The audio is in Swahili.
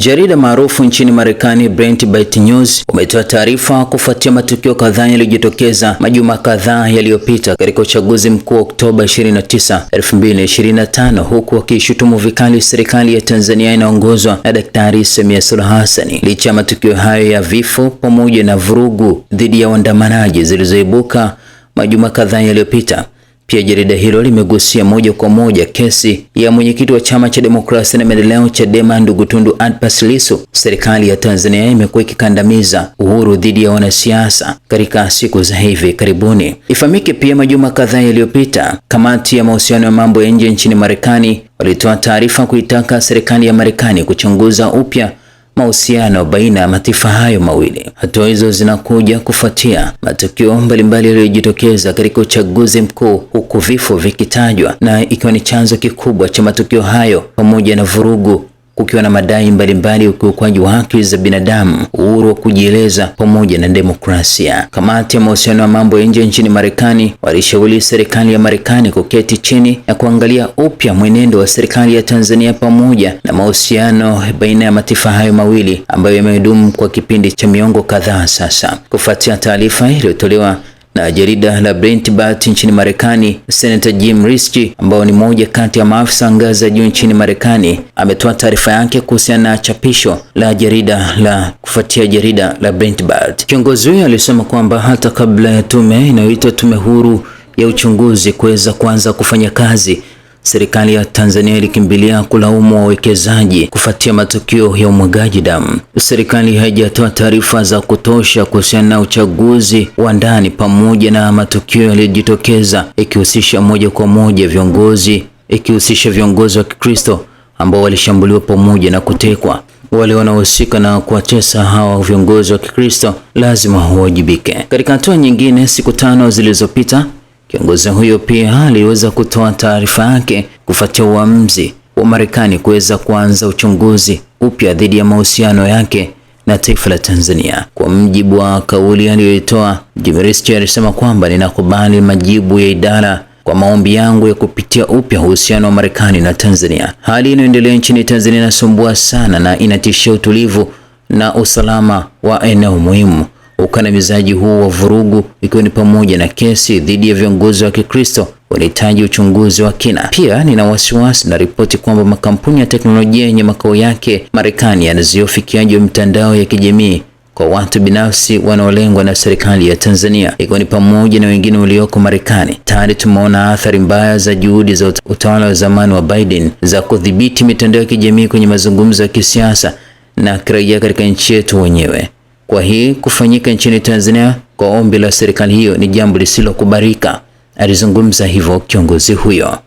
Jarida maarufu nchini Marekani Breitbart News umetoa taarifa kufuatia matukio kadhaa yaliyojitokeza majuma kadhaa yaliyopita katika uchaguzi mkuu wa Oktoba 29, 2025 huku wakiishutumu vikali serikali ya Tanzania inaongozwa na Daktari Samia Suluhu Hassan licha ya matukio hayo ya vifo pamoja na vurugu dhidi ya waandamanaji zilizoibuka majuma kadhaa yaliyopita. Pia jarida hilo limegusia moja kwa moja kesi ya mwenyekiti wa chama cha demokrasia na maendeleo Chadema, ndugu Tundu Antipas Lissu. Serikali ya Tanzania imekuwa ikikandamiza uhuru dhidi ya wanasiasa katika siku za hivi karibuni. Ifahamike pia, majuma kadhaa yaliyopita, kamati ya mahusiano ya mambo ya nje nchini Marekani walitoa taarifa kuitaka serikali ya Marekani kuchunguza upya mahusiano baina ya mataifa hayo mawili. Hatua hizo zinakuja kufuatia matukio mbalimbali yaliyojitokeza katika uchaguzi mkuu, huku vifo vikitajwa na ikiwa ni chanzo kikubwa cha matukio hayo pamoja na vurugu kukiwa na madai mbalimbali ya ukiukwaji wa haki za binadamu, uhuru wa kujieleza pamoja na demokrasia. Kamati ya mahusiano ya mambo ya nje nchini Marekani walishauri serikali ya Marekani kuketi chini na kuangalia upya mwenendo wa serikali ya Tanzania pamoja na mahusiano baina ya mataifa hayo mawili ambayo yamedumu kwa kipindi cha miongo kadhaa sasa. Kufuatia taarifa iliyotolewa na jarida la Breitbart nchini Marekani, Senator Jim Risch ambao ni mmoja kati ya maafisa ngazi ya juu nchini Marekani ametoa taarifa yake kuhusiana na chapisho la jarida la kufuatia jarida la Breitbart. Kiongozi huyo alisema kwamba hata kabla ya tume inayoitwa Tume Huru ya Uchunguzi kuweza kuanza kufanya kazi Serikali ya Tanzania ilikimbilia kulaumu wawekezaji kufuatia matukio ya umwagaji damu. Serikali haijatoa taarifa za kutosha kuhusiana na uchaguzi wa ndani pamoja na matukio yaliyojitokeza ikihusisha moja kwa moja viongozi ikihusisha viongozi wa Kikristo ambao walishambuliwa pamoja na kutekwa. Wale wanaohusika na kuwatesa hawa viongozi wa Kikristo lazima huwajibike Katika hatua nyingine, siku tano zilizopita Kiongozi huyo pia aliweza kutoa taarifa yake kufuatia uamuzi wa Marekani kuweza kuanza uchunguzi upya dhidi ya mahusiano yake na taifa la Tanzania. Kwa mjibu wa kauli aliyoitoa, Jimristi alisema kwamba ninakubali majibu ya idara kwa maombi yangu ya kupitia upya uhusiano wa Marekani na Tanzania. Hali inayoendelea nchini Tanzania inasumbua sana na inatishia utulivu na usalama wa eneo muhimu Ukandamizaji huu wa vurugu, ikiwa ni pamoja na kesi dhidi ya viongozi wa Kikristo, unahitaji uchunguzi wa kina. Pia nina wasiwasi na ripoti kwamba makampuni ya teknolojia yenye makao yake Marekani yanazuia ufikiaji wa mitandao ya kijamii kwa watu binafsi wanaolengwa na serikali ya Tanzania ikiwa ni pamoja na wengine walioko Marekani. Tayari tumeona athari mbaya za juhudi za utawala wa zamani wa Biden za kudhibiti mitandao ya kijamii kwenye mazungumzo ya kisiasa na kiraia katika nchi yetu wenyewe. Kwa hii kufanyika nchini Tanzania kwa ombi la serikali hiyo ni jambo lisilokubalika, alizungumza hivyo kiongozi huyo.